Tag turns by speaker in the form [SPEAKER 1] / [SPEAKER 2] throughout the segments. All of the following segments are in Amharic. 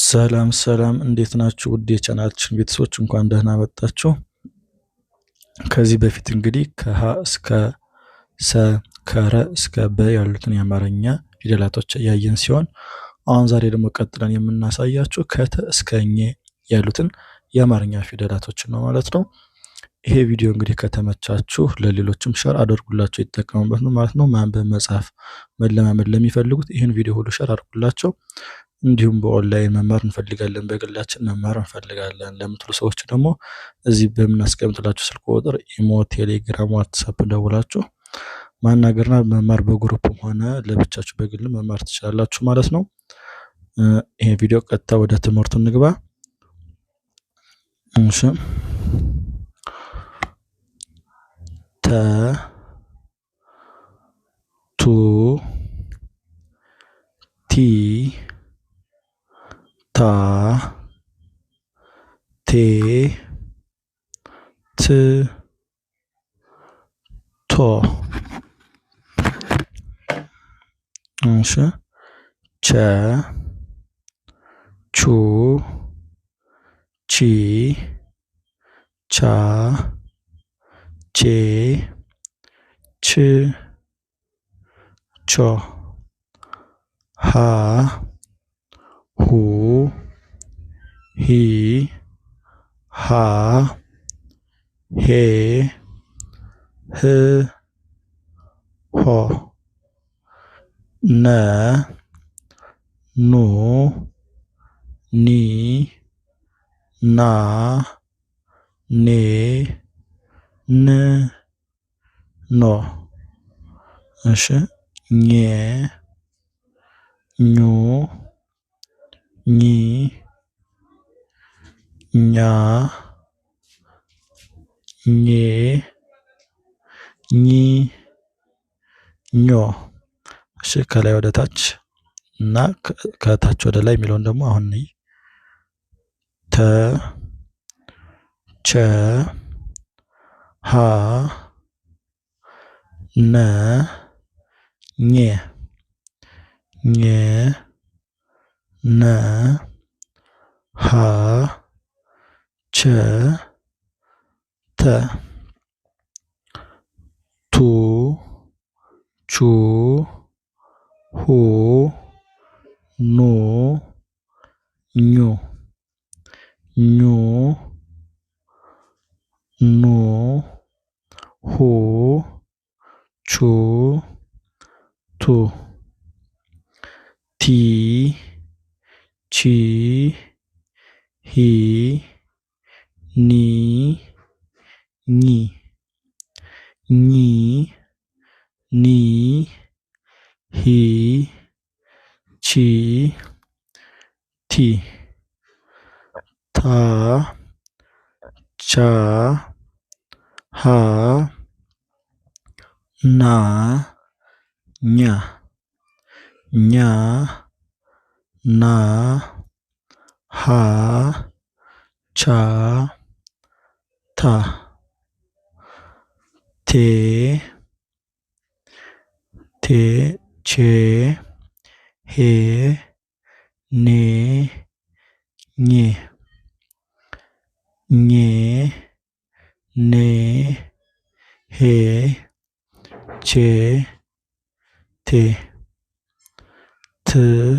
[SPEAKER 1] ሰላም ሰላም እንዴት ናችሁ? ውድ የቻናላችን ቤተሰቦች እንኳን ደህና መጣችሁ። ከዚህ በፊት እንግዲህ ከሀ እስከ ሰ ከረ እስከ በ ያሉትን የአማርኛ ፊደላቶች እያየን ሲሆን አሁን ዛሬ ደግሞ ቀጥለን የምናሳያችሁ ከተ እስከ ኘ ያሉትን የአማርኛ ፊደላቶችን ነው ማለት ነው። ይሄ ቪዲዮ እንግዲህ ከተመቻችሁ ለሌሎችም ሸር አድርጉላቸው፣ ይጠቀሙበት ነው ማለት ነው። ማንበብ መጻፍ መለማመድ ለሚፈልጉት ይህን ቪዲዮ ሁሉ ሸር አድርጉላቸው። እንዲሁም በኦንላይን መማር እንፈልጋለን፣ በግላችን መማር እንፈልጋለን ለምትሉ ሰዎች ደግሞ እዚህ በምናስቀምጥላችሁ ስልክ ቁጥር ኢሞ፣ ቴሌግራም፣ ዋትሳፕ ደውላችሁ ማናገርና መማር በግሩፕም ሆነ ለብቻችሁ በግል መማር ትችላላችሁ ማለት ነው። ይሄ ቪዲዮ ቀጥታ ወደ ትምህርቱ እንግባ። እሺ ተ ቱ ቲ ታ ቴ ት ቶ እሺ ቸ ቹ ቺ ቻ ቼ ች ቾ ሃ หูหีหาเหเฮหอหนหนูหนีหนาเน ን ኖ እሺ ኘ ኙ ኝ ኛ ኜ ኚ ኞ። እሺ ከላይ ወደ ታች እና ከታች ወደ ላይ የሚለውን ደግሞ አሁን ተ ቸ ሀ ነ ኘ ኘ ነ ሀ ቸ ተ ቱ ቹ ሁ ኑ ኙ ኙ ኑ ሁ ቹ ቱ ቲ ቺ ሂ ኒ ኚ ኚ ኒ ሂ ቺ ቲ ታ ቻ ሃ ና ኛ ኛ na ha cha ta thế thế chế hế nế nhì nhì nế hế chế thế thứ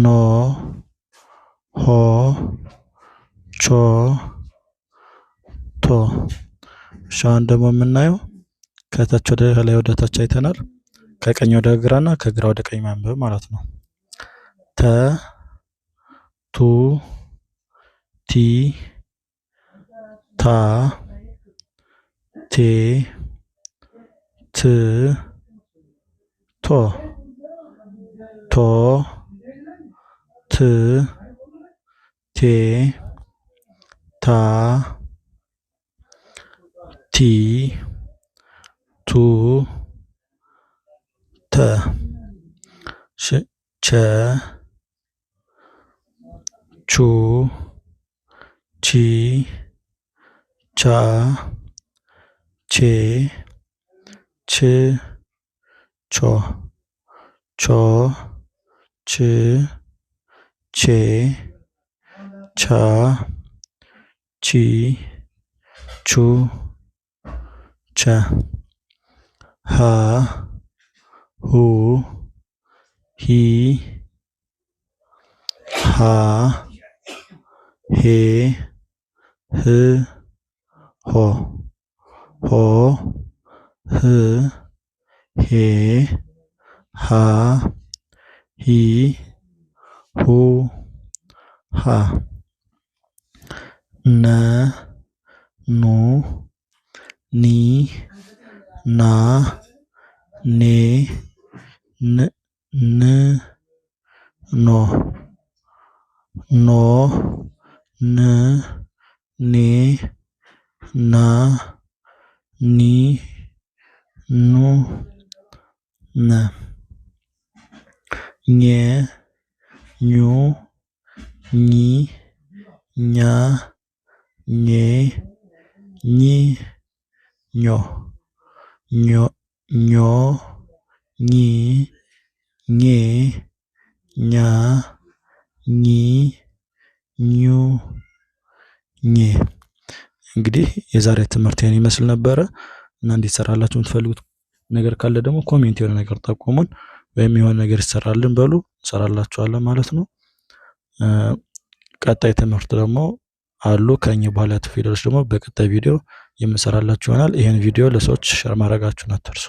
[SPEAKER 1] ኖ ሆ ቾ ቶ እሺ ደግሞ የምናየው ከታች ወደ ከላይ ወደ ታች አይተናል። ከቀኝ ወደ ግራና ከግራ ወደ ቀኝ ማንበብ ማለት ነው። ተ ቱ ቲ ታ ቴ ት ቶ ቶ ት ቴ ታ ቲ ቱ ተ ቸ ቹ ቺ ቻ ቼ ች ቾ ቾ ች 제, 자, 지, 주, 자, 하, 후, 히, 하, 해, 흐, 호, 호, 흐, 해, 하, 히, ሁ ሃ ነ ኑ ኒ ና ኔ ን ን ኖ ኖ ን ኔ ና ኒ ኑ ነ ኘ ኙ ኚ ኛ ኜ ኝ ኞ ኞ ኚ ኜ ኛ ኚ ኙ ኜ እንግዲህ የዛሬ ትምህርት ይህን ይመስል ነበረ እና እንዲሰራላችሁ የምትፈልጉት ነገር ካለ ደግሞ ኮሜንት የሆነ ነገር ጠቆሙን። ወይም የሆነ ነገር ይሰራልን በሉ እንሰራላችኋለን ማለት ነው። ቀጣይ ትምህርት ደግሞ አሉ ከኝ በኋላ ያሉ ፊደሎች ደግሞ በቀጣይ ቪዲዮ የምንሰራላችሁ ይሆናል። ይህን ቪዲዮ ለሰዎች ሸር ማድረጋችሁን አትርሱ።